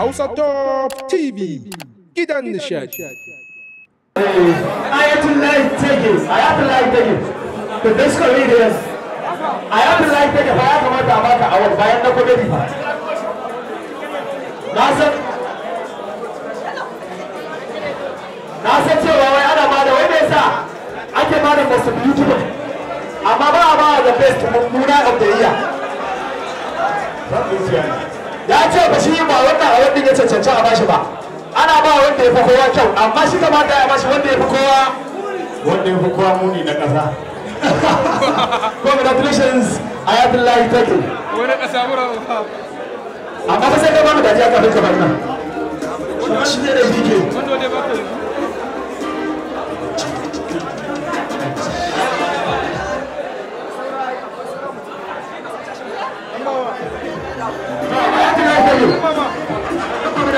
Hausa Top TV gidan nishadi. Ayatullahi take, Ayatullahi take, to this comedians, Ayatullahi take fa ya kamata a baka award bayan na comedy fa. Na san Na san cewa wai ana ba da wai me sa ake ba da most beautiful amma ba a ba the best mummuna of the year. ya ce ba shi ba wanda a wanda ya cancanci a bashi ba ana ba wanda ya fi kowa kyau amma shi kamata ya bashi wanda ya fi kowa wanda ya fi kowa muni na ƙasa congratulations ayatullahi tato wani ƙasa mura amma ba sai ka ba mu dariya kafin kamar nan shi ne da No. assalamu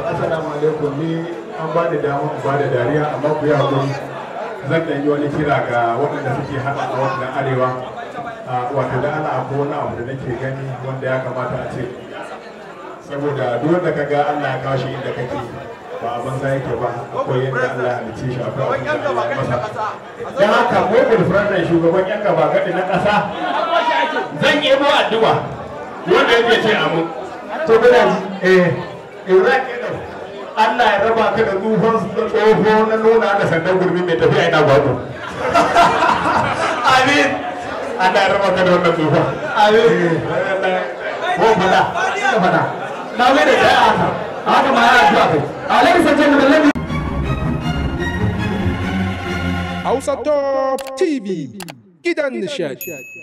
alaikum ni an ba da dama ba da dariya amma ku yi hakuri zan ɗan wani kira ga waɗanda suke haɗa a wannan arewa wato da ana akwai wani abu da nake gani wanda ya kamata a ce saboda duk wanda ka ga allah ya kawo shi inda kake ba banza yake ba akwai yadda Allah ya ci shi akwai abin da Allah ya masa dan haka ko gurfuran nan shugaban yan gaba gadi na ƙasa zan yi mu addu'a wanda yake ce amin to kana ji eh Ibrahim kenan Allah ya raba ka da da tsoho na nuna da sandan gurbi mai tafiya ina gwado amin Allah ya raba ka da wannan tsohon amin ko eh, fada ko fada na mai da kai a haka haka ma ya addu'a kai alaihi sallallahu alaihi wasallam Hausa Top TV gidan nishadi